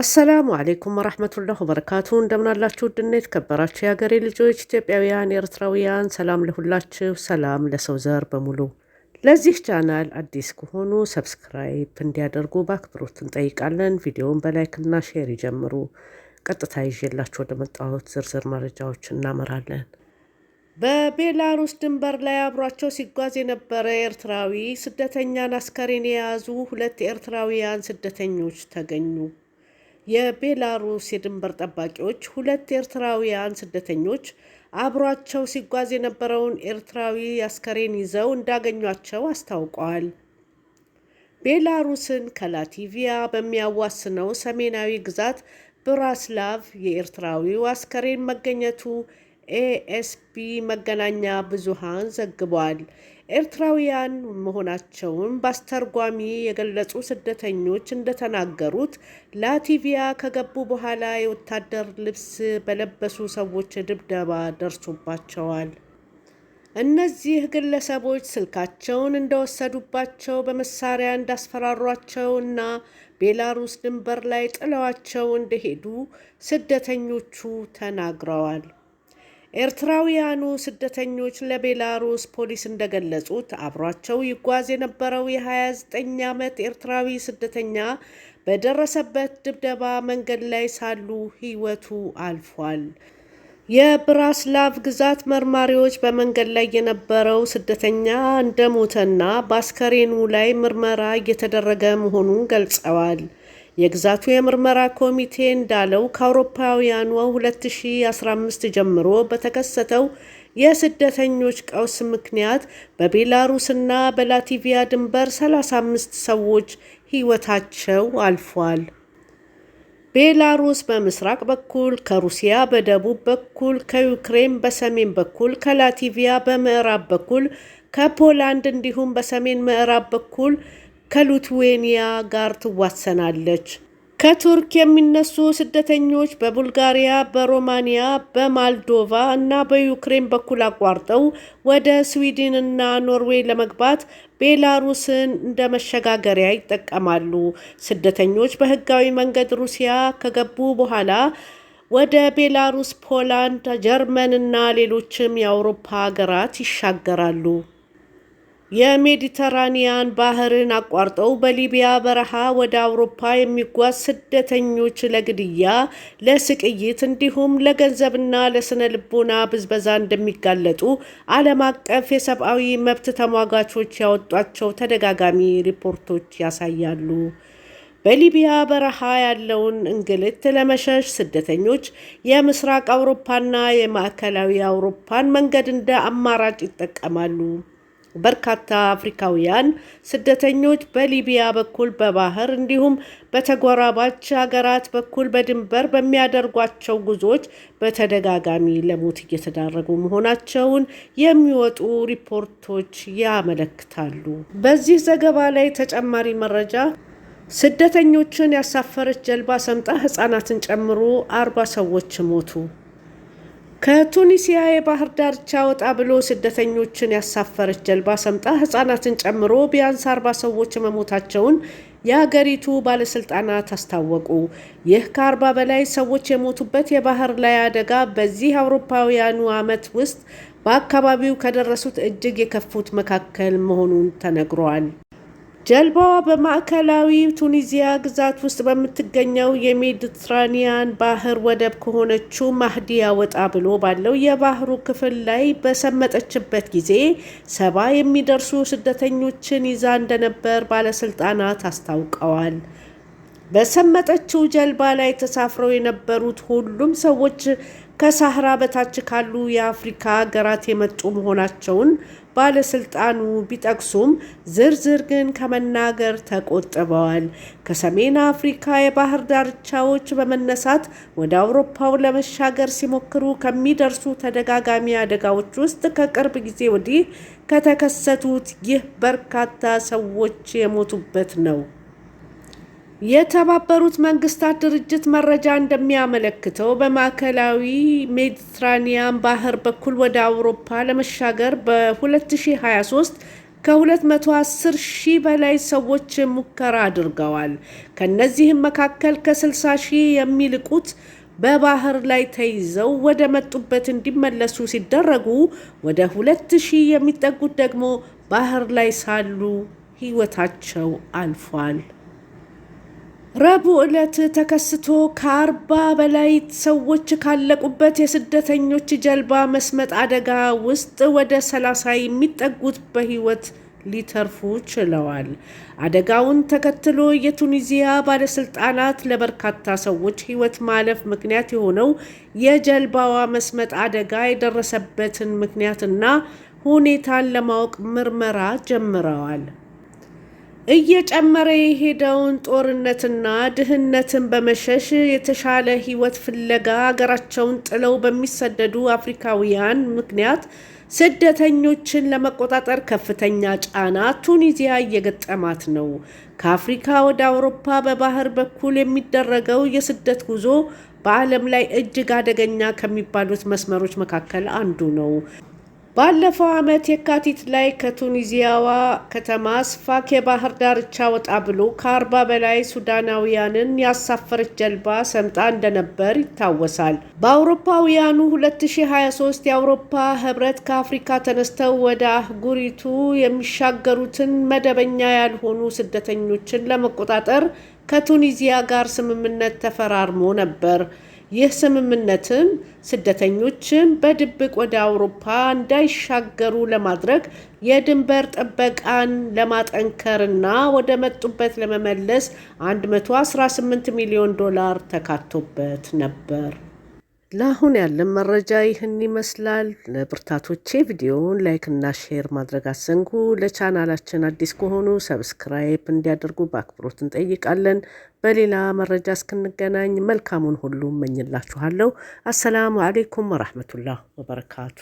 አሰላሙ አሌይኩም ወረሕመቱላህ ወበረካቱ። እንደምናላችሁ ውድና የተከበራችሁ የሀገሬ ልጆች ኢትዮጵያውያን፣ ኤርትራውያን፣ ሰላም ለሁላችሁ፣ ሰላም ለሰው ዘር በሙሉ። ለዚህ ቻናል አዲስ ከሆኑ ሰብስክራይብ እንዲያደርጉ በአክብሮት እንጠይቃለን። ቪዲዮውን በላይክና ሼር ይጀምሩ። ቀጥታ ይዤላችሁ ወደ መጣሁት ዝርዝር መረጃዎች እናመራለን። በቤላሩስ ድንበር ላይ አብሯቸው ሲጓዝ የነበረ ኤርትራዊ ስደተኛን አስከሬን የያዙ ሁለት ኤርትራውያን ስደተኞች ተገኙ። የቤላሩስ የድንበር ጠባቂዎች ሁለት ኤርትራውያን ስደተኞች አብሯቸው ሲጓዝ የነበረውን ኤርትራዊ አስከሬን ይዘው እንዳገኟቸው አስታውቀዋል። ቤላሩስን ከላቲቪያ በሚያዋስነው ሰሜናዊ ግዛት ብራስላቭ የኤርትራዊው አስከሬን መገኘቱ ኤኤስፒ መገናኛ ብዙሃን ዘግቧል። ኤርትራውያን መሆናቸውን በአስተርጓሚ የገለጹ ስደተኞች እንደተናገሩት ላቲቪያ ከገቡ በኋላ የወታደር ልብስ በለበሱ ሰዎች ድብደባ ደርሶባቸዋል። እነዚህ ግለሰቦች ስልካቸውን እንደወሰዱባቸው በመሳሪያ እንዳስፈራሯቸው እና ቤላሩስ ድንበር ላይ ጥለዋቸው እንደሄዱ ስደተኞቹ ተናግረዋል። ኤርትራውያኑ ስደተኞች ለቤላሩስ ፖሊስ እንደገለጹት አብሯቸው ይጓዝ የነበረው የ29 ዓመት ኤርትራዊ ስደተኛ በደረሰበት ድብደባ መንገድ ላይ ሳሉ ሕይወቱ አልፏል። የብራስላቭ ግዛት መርማሪዎች በመንገድ ላይ የነበረው ስደተኛ እንደሞተና በአስከሬኑ ላይ ምርመራ እየተደረገ መሆኑን ገልጸዋል። የግዛቱ የምርመራ ኮሚቴ እንዳለው ከአውሮፓውያኑ 2015 ጀምሮ በተከሰተው የስደተኞች ቀውስ ምክንያት በቤላሩስ እና በላቲቪያ ድንበር 35 ሰዎች ሕይወታቸው አልፏል። ቤላሩስ በምስራቅ በኩል ከሩሲያ በደቡብ በኩል ከዩክሬን በሰሜን በኩል ከላቲቪያ በምዕራብ በኩል ከፖላንድ እንዲሁም በሰሜን ምዕራብ በኩል ከሊቱዌኒያ ጋር ትዋሰናለች። ከቱርክ የሚነሱ ስደተኞች በቡልጋሪያ፣ በሮማኒያ፣ በማልዶቫ እና በዩክሬን በኩል አቋርጠው ወደ ስዊድን እና ኖርዌይ ለመግባት ቤላሩስን እንደ መሸጋገሪያ ይጠቀማሉ። ስደተኞች በህጋዊ መንገድ ሩሲያ ከገቡ በኋላ ወደ ቤላሩስ፣ ፖላንድ፣ ጀርመን እና ሌሎችም የአውሮፓ ሀገራት ይሻገራሉ። የሜዲተራኒያን ባህርን አቋርጠው በሊቢያ በረሃ ወደ አውሮፓ የሚጓዝ ስደተኞች ለግድያ፣ ለስቅይት እንዲሁም ለገንዘብና ለስነ ልቦና ብዝበዛ እንደሚጋለጡ ዓለም አቀፍ የሰብአዊ መብት ተሟጋቾች ያወጧቸው ተደጋጋሚ ሪፖርቶች ያሳያሉ። በሊቢያ በረሃ ያለውን እንግልት ለመሸሽ ስደተኞች የምስራቅ አውሮፓና የማዕከላዊ አውሮፓን መንገድ እንደ አማራጭ ይጠቀማሉ። በርካታ አፍሪካውያን ስደተኞች በሊቢያ በኩል በባህር እንዲሁም በተጎራባች ሀገራት በኩል በድንበር በሚያደርጓቸው ጉዞዎች በተደጋጋሚ ለሞት እየተዳረጉ መሆናቸውን የሚወጡ ሪፖርቶች ያመለክታሉ። በዚህ ዘገባ ላይ ተጨማሪ መረጃ ስደተኞችን ያሳፈረች ጀልባ ሰምጣ ህጻናትን ጨምሮ አርባ ሰዎች ሞቱ። ከቱኒሲያ የባህር ዳርቻ ወጣ ብሎ ስደተኞችን ያሳፈረች ጀልባ ሰምጣ ህጻናትን ጨምሮ ቢያንስ አርባ ሰዎች መሞታቸውን የአገሪቱ ባለስልጣናት አስታወቁ። ይህ ከአርባ በላይ ሰዎች የሞቱበት የባህር ላይ አደጋ በዚህ አውሮፓውያኑ ዓመት ውስጥ በአካባቢው ከደረሱት እጅግ የከፉት መካከል መሆኑን ተነግሯል። ጀልባዋ በማዕከላዊ ቱኒዚያ ግዛት ውስጥ በምትገኘው የሜዲትራኒያን ባህር ወደብ ከሆነችው ማህዲያ ወጣ ብሎ ባለው የባህሩ ክፍል ላይ በሰመጠችበት ጊዜ ሰባ የሚደርሱ ስደተኞችን ይዛ እንደነበር ባለስልጣናት አስታውቀዋል። በሰመጠችው ጀልባ ላይ ተሳፍረው የነበሩት ሁሉም ሰዎች ከሳህራ በታች ካሉ የአፍሪካ ሀገራት የመጡ መሆናቸውን ባለስልጣኑ ቢጠቅሱም ዝርዝር ግን ከመናገር ተቆጥበዋል። ከሰሜን አፍሪካ የባህር ዳርቻዎች በመነሳት ወደ አውሮፓው ለመሻገር ሲሞክሩ ከሚደርሱ ተደጋጋሚ አደጋዎች ውስጥ ከቅርብ ጊዜ ወዲህ ከተከሰቱት ይህ በርካታ ሰዎች የሞቱበት ነው። የተባበሩት መንግስታት ድርጅት መረጃ እንደሚያመለክተው በማዕከላዊ ሜዲትራኒያን ባህር በኩል ወደ አውሮፓ ለመሻገር በ2023 ከ210 ሺህ በላይ ሰዎች ሙከራ አድርገዋል። ከነዚህም መካከል ከ60 ሺህ የሚልቁት በባህር ላይ ተይዘው ወደ መጡበት እንዲመለሱ ሲደረጉ ወደ 2000 የሚጠጉት ደግሞ ባህር ላይ ሳሉ ሕይወታቸው አልፏል። ረቡዕ ዕለት ተከስቶ ከአርባ በላይ ሰዎች ካለቁበት የስደተኞች ጀልባ መስመጥ አደጋ ውስጥ ወደ ሰላሳ የሚጠጉት በሕይወት ሊተርፉ ችለዋል። አደጋውን ተከትሎ የቱኒዚያ ባለስልጣናት ለበርካታ ሰዎች ሕይወት ማለፍ ምክንያት የሆነው የጀልባዋ መስመጥ አደጋ የደረሰበትን ምክንያትና ሁኔታን ለማወቅ ምርመራ ጀምረዋል። እየጨመረ የሄደውን ጦርነትና ድህነትን በመሸሽ የተሻለ ሕይወት ፍለጋ ሀገራቸውን ጥለው በሚሰደዱ አፍሪካውያን ምክንያት ስደተኞችን ለመቆጣጠር ከፍተኛ ጫና ቱኒዚያ እየገጠማት ነው። ከአፍሪካ ወደ አውሮፓ በባህር በኩል የሚደረገው የስደት ጉዞ በዓለም ላይ እጅግ አደገኛ ከሚባሉት መስመሮች መካከል አንዱ ነው። ባለፈው ዓመት የካቲት ላይ ከቱኒዚያዋ ከተማ ስፋክ የባህር ዳርቻ ወጣ ብሎ ከአርባ በላይ ሱዳናውያንን ያሳፈረች ጀልባ ሰምጣ እንደነበር ይታወሳል። በአውሮፓውያኑ 2023 የአውሮፓ ህብረት ከአፍሪካ ተነስተው ወደ አህጉሪቱ የሚሻገሩትን መደበኛ ያልሆኑ ስደተኞችን ለመቆጣጠር ከቱኒዚያ ጋር ስምምነት ተፈራርሞ ነበር። ይህ ስምምነትም ስደተኞችን በድብቅ ወደ አውሮፓ እንዳይሻገሩ ለማድረግ የድንበር ጥበቃን ለማጠንከርና ወደ መጡበት ለመመለስ 118 ሚሊዮን ዶላር ተካቶበት ነበር። ለአሁን ያለን መረጃ ይህን ይመስላል። ለብርታቶቼ ቪዲዮውን ላይክና ሼር ማድረግ አትዘንጉ። ለቻናላችን አዲስ ከሆኑ ሰብስክራይብ እንዲያደርጉ በአክብሮት እንጠይቃለን። በሌላ መረጃ እስክንገናኝ መልካሙን ሁሉ እመኝላችኋለሁ። አሰላሙ አሌይኩም ወራህመቱላህ ወበረካቱ።